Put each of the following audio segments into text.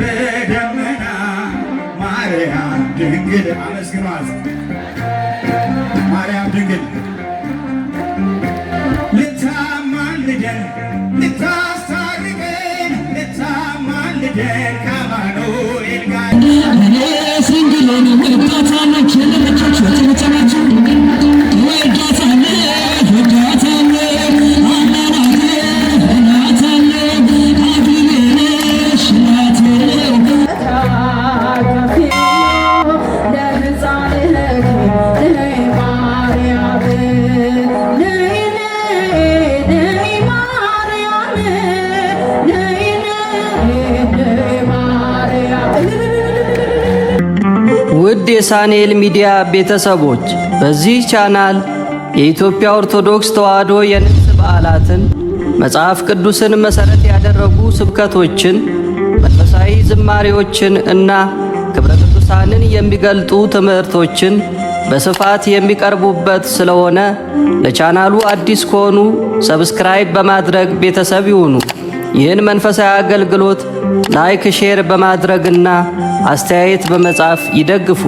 በደመና ማርያም ድንግል አመስግኗት። ማርያም ድንግል ልታማልደን ልታስታርቀን ልታማልደን የሳንኤል ሚዲያ ቤተሰቦች በዚህ ቻናል የኢትዮጵያ ኦርቶዶክስ ተዋሕዶ የንግስ በዓላትን፣ መጽሐፍ ቅዱስን መሠረት ያደረጉ ስብከቶችን፣ መንፈሳዊ ዝማሬዎችን እና ክብረ ቅዱሳንን የሚገልጡ ትምህርቶችን በስፋት የሚቀርቡበት ስለሆነ ለቻናሉ አዲስ ከሆኑ ሰብስክራይብ በማድረግ ቤተሰብ ይሁኑ። ይህን መንፈሳዊ አገልግሎት ላይክ፣ ሼር በማድረግና አስተያየት በመጻፍ ይደግፉ።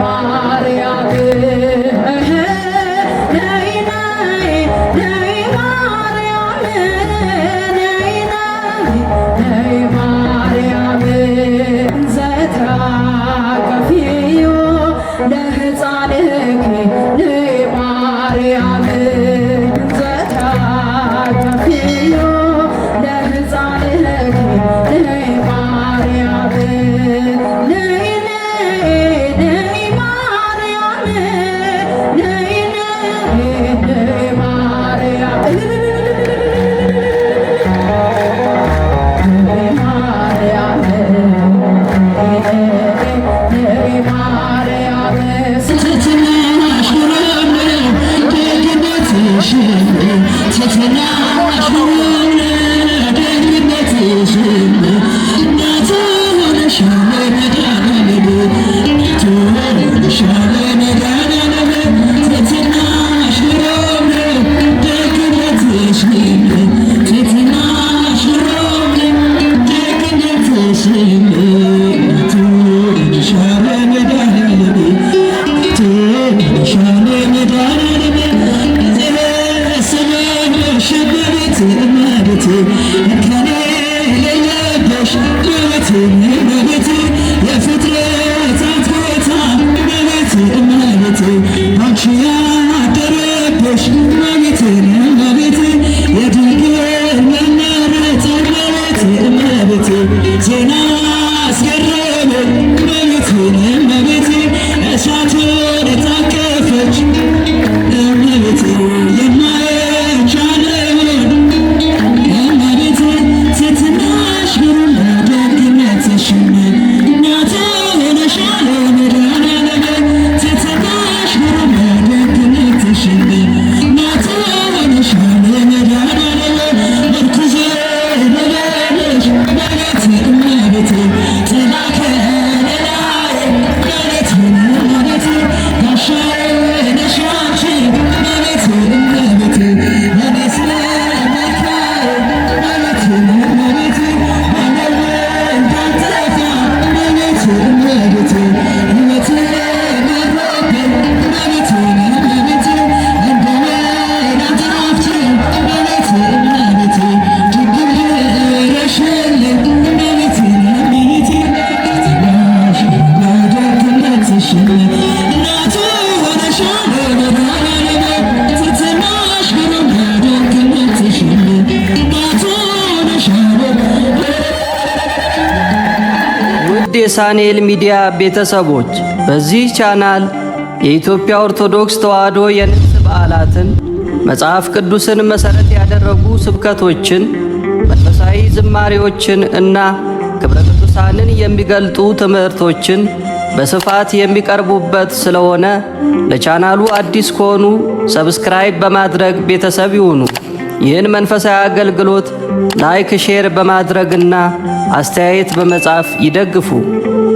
ለሕፃንህ ነይ ማርያም እመቤቴ ከኔ ለየብሽ እመቤቴ እመቤቴ የፍጥረታት ቤታ እመቤቴ እመቤቴ ባንቺ ያደረብሽ እመቤቴ እመቤቴ የድንግል መመረጥ እመቤቴ ዜና አስገረመ እመቤቴ የሳንኤል ሚዲያ ቤተሰቦች በዚህ ቻናል የኢትዮጵያ ኦርቶዶክስ ተዋሕዶ የንግስ በዓላትን፣ መጽሐፍ ቅዱስን መሠረት ያደረጉ ስብከቶችን፣ መንፈሳዊ ዝማሬዎችን እና ክብረ ቅዱሳንን የሚገልጡ ትምህርቶችን በስፋት የሚቀርቡበት ስለሆነ ለቻናሉ አዲስ ከሆኑ ሰብስክራይብ በማድረግ ቤተሰብ ይሁኑ። ይህን መንፈሳዊ አገልግሎት ላይክ፣ ሼር በማድረግና አስተያየት በመጻፍ ይደግፉ።